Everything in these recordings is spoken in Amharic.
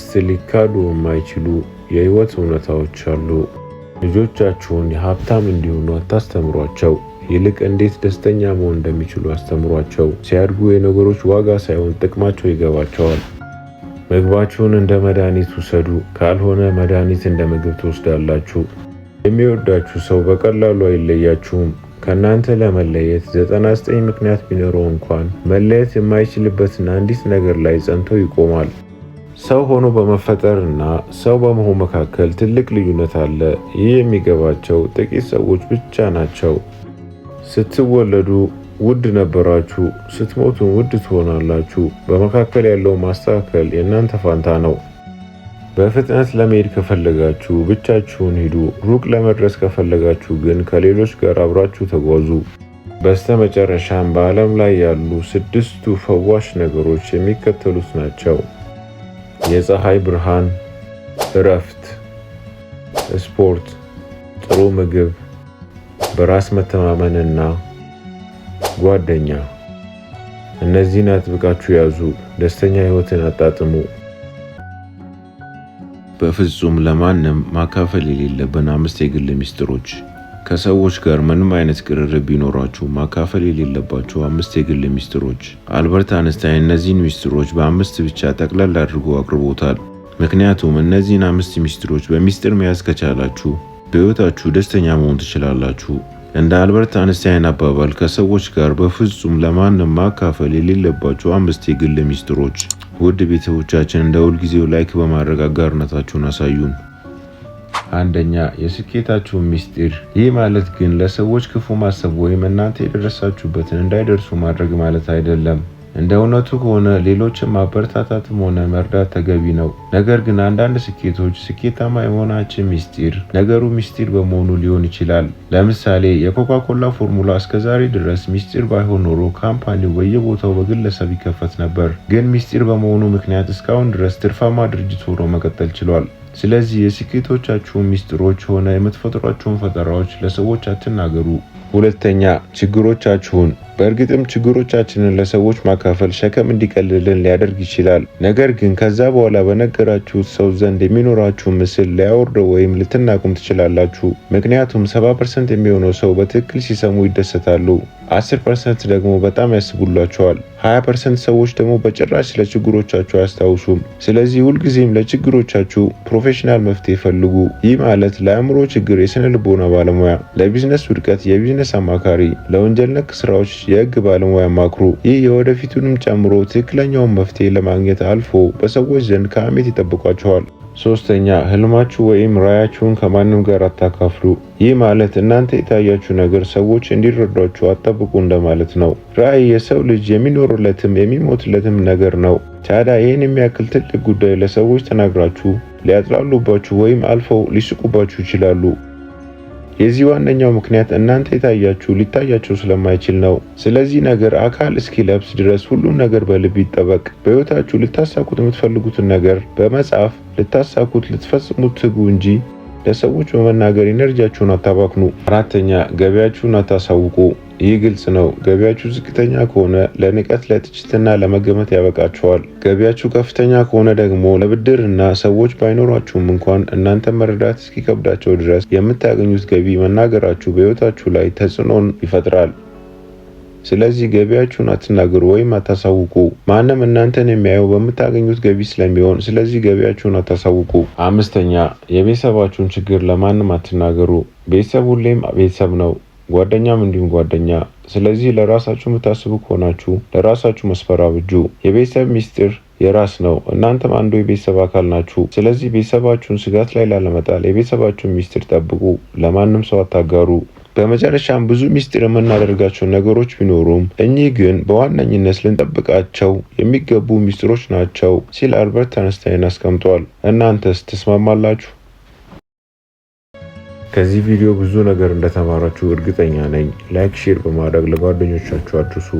ስ ሊካዱ የማይችሉ የህይወት እውነታዎች አሉ። ልጆቻችሁን የሀብታም እንዲሆኑ አታስተምሯቸው። ይልቅ እንዴት ደስተኛ መሆን እንደሚችሉ አስተምሯቸው። ሲያድጉ የነገሮች ዋጋ ሳይሆን ጥቅማቸው ይገባቸዋል። ምግባችሁን እንደ መድኃኒት ውሰዱ፣ ካልሆነ መድኃኒት እንደ ምግብ ትወስዳላችሁ። የሚወዳችሁ ሰው በቀላሉ አይለያችሁም። ከእናንተ ለመለየት 99 ምክንያት ቢኖረው እንኳን መለየት የማይችልበትን አንዲት ነገር ላይ ጸንቶ ይቆማል። ሰው ሆኖ በመፈጠር እና ሰው በመሆን መካከል ትልቅ ልዩነት አለ። ይህ የሚገባቸው ጥቂት ሰዎች ብቻ ናቸው። ስትወለዱ ውድ ነበራችሁ፣ ስትሞቱን ውድ ትሆናላችሁ። በመካከል ያለው ማስተካከል የእናንተ ፋንታ ነው። በፍጥነት ለመሄድ ከፈለጋችሁ ብቻችሁን ሂዱ። ሩቅ ለመድረስ ከፈለጋችሁ ግን ከሌሎች ጋር አብራችሁ ተጓዙ። በስተመጨረሻም በዓለም ላይ ያሉ ስድስቱ ፈዋሽ ነገሮች የሚከተሉት ናቸው። የፀሐይ ብርሃን፣ እረፍት፣ ስፖርት፣ ጥሩ ምግብ፣ በራስ መተማመንና ጓደኛ። እነዚህን አጥብቃችሁ ያዙ። ደስተኛ ህይወትን አጣጥሙ። በፍጹም ለማንም ማካፈል የሌለብን አምስት የግል ሚስጥሮች ከሰዎች ጋር ምንም አይነት ቅርርብ ቢኖራችሁ ማካፈል የሌለባቸው አምስት የግል ሚስጥሮች። አልበርት አንስታይን እነዚህን ሚስጥሮች በአምስት ብቻ ጠቅለል አድርጎ አቅርቦታል። ምክንያቱም እነዚህን አምስት ሚስጥሮች በሚስጥር መያዝ ከቻላችሁ በሕይወታችሁ ደስተኛ መሆን ትችላላችሁ። እንደ አልበርት አንስታይን አባባል ከሰዎች ጋር በፍጹም ለማንም ማካፈል የሌለባቸው አምስት የግል ሚስጥሮች። ውድ ቤተሰቦቻችን እንደ ሁልጊዜው ላይክ በማድረግ አጋርነታችሁን አሳዩን። አንደኛ የስኬታችሁ ምስጢር። ይህ ማለት ግን ለሰዎች ክፉ ማሰብ ወይም እናንተ የደረሳችሁበትን እንዳይደርሱ ማድረግ ማለት አይደለም። እንደ እውነቱ ከሆነ ሌሎችን ማበረታታትም ሆነ መርዳት ተገቢ ነው። ነገር ግን አንዳንድ ስኬቶች ስኬታማ የመሆናችን ሚስጢር ነገሩ ሚስጢር በመሆኑ ሊሆን ይችላል። ለምሳሌ የኮካ ኮላ ፎርሙላ እስከዛሬ ድረስ ሚስጢር ባይሆን ኖሮ ካምፓኒው በየቦታው በግለሰብ ይከፈት ነበር። ግን ሚስጢር በመሆኑ ምክንያት እስካሁን ድረስ ትርፋማ ድርጅት ሆኖ መቀጠል ችሏል። ስለዚህ የስኬቶቻችሁን ሚስጢሮች ሆነ የምትፈጥሯቸውን ፈጠራዎች ለሰዎች አትናገሩ። ሁለተኛ ችግሮቻችሁን በእርግጥም ችግሮቻችንን ለሰዎች ማካፈል ሸክም እንዲቀልልን ሊያደርግ ይችላል። ነገር ግን ከዛ በኋላ በነገራችሁት ሰው ዘንድ የሚኖራችሁ ምስል ሊያወርደው ወይም ልትናቁም ትችላላችሁ። ምክንያቱም 70 ፐርሰንት የሚሆነው ሰው በትክክል ሲሰሙ ይደሰታሉ። 10 ፐርሰንት ደግሞ በጣም ያስቡላቸዋል። 20 ፐርሰንት ሰዎች ደግሞ በጭራሽ ስለ ችግሮቻችሁ አያስታውሱም። ስለዚህ ሁልጊዜም ለችግሮቻችሁ ፕሮፌሽናል መፍትሄ ፈልጉ። ይህ ማለት ለአእምሮ ችግር የስነ ልቦና ባለሙያ፣ ለቢዝነስ ውድቀት የቢዝነስ አማካሪ፣ ለወንጀል ነክ ስራዎች የህግ ባለሙያ ማክሩ። ይህ የወደፊቱንም ጨምሮ ትክክለኛውን መፍትሄ ለማግኘት አልፎ በሰዎች ዘንድ ከአሜት ይጠብቋቸዋል። ሶስተኛ ህልማችሁ ወይም ራያችሁን ከማንም ጋር አታካፍሉ። ይህ ማለት እናንተ የታያችሁ ነገር ሰዎች እንዲረዷችሁ አጠብቁ እንደማለት ነው። ራእይ የሰው ልጅ የሚኖርለትም የሚሞትለትም ነገር ነው። ታዲያ ይህን የሚያክል ትልቅ ጉዳይ ለሰዎች ተናግራችሁ ሊያጥላሉባችሁ ወይም አልፈው ሊስቁባችሁ ይችላሉ። የዚህ ዋነኛው ምክንያት እናንተ የታያችሁ ሊታያችሁ ስለማይችል ነው። ስለዚህ ነገር አካል እስኪለብስ ድረስ ሁሉም ነገር በልብ ይጠበቅ። በሕይወታችሁ ልታሳኩት የምትፈልጉትን ነገር በመጻፍ ልታሳኩት ልትፈጽሙት ትጉ እንጂ ለሰዎች በመናገር ኢነርጂያችሁን አታባክኑ። አራተኛ ገበያችሁን አታሳውቁ። ይህ ግልጽ ነው። ገቢያችሁ ዝቅተኛ ከሆነ ለንቀት ለትችትና ለመገመት ያበቃችኋል። ገቢያችሁ ከፍተኛ ከሆነ ደግሞ ለብድር እና ሰዎች ባይኖሯችሁም እንኳን እናንተ መረዳት እስኪከብዳቸው ድረስ የምታገኙት ገቢ መናገራችሁ በሕይወታችሁ ላይ ተጽዕኖን ይፈጥራል። ስለዚህ ገቢያችሁን አትናገሩ ወይም አታሳውቁ። ማንም እናንተን የሚያየው በምታገኙት ገቢ ስለሚሆን፣ ስለዚህ ገቢያችሁን አታሳውቁ። አምስተኛ የቤተሰባችሁን ችግር ለማንም አትናገሩ። ቤተሰብ ሁሌም ቤተሰብ ነው። ጓደኛም እንዲሁም ጓደኛ። ስለዚህ ለራሳችሁ የምታስቡ ከሆናችሁ ለራሳችሁ መስፈር አብጁ። የቤተሰብ ሚስጢር የራስ ነው። እናንተም አንዱ የቤተሰብ አካል ናችሁ። ስለዚህ ቤተሰባችሁን ስጋት ላይ ላለመጣል የቤተሰባችሁን ሚስጢር ጠብቁ፣ ለማንም ሰው አታጋሩ። በመጨረሻም ብዙ ሚስጢር የምናደርጋቸው ነገሮች ቢኖሩም እኚህ ግን በዋነኝነት ልንጠብቃቸው የሚገቡ ሚስጢሮች ናቸው ሲል አልበርት አንስታይን አስቀምጧል። እናንተስ ትስማማላችሁ? ከዚህ ቪዲዮ ብዙ ነገር እንደተማራችሁ እርግጠኛ ነኝ። ላይክ፣ ሼር በማድረግ ለጓደኞቻችሁ አድርሱ።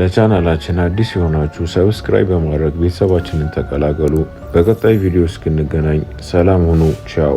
ለቻናላችን አዲስ የሆናችሁ ሰብስክራይብ በማድረግ ቤተሰባችንን ተቀላቀሉ። በቀጣይ ቪዲዮ እስክንገናኝ ሰላም ሁኑ። ቻው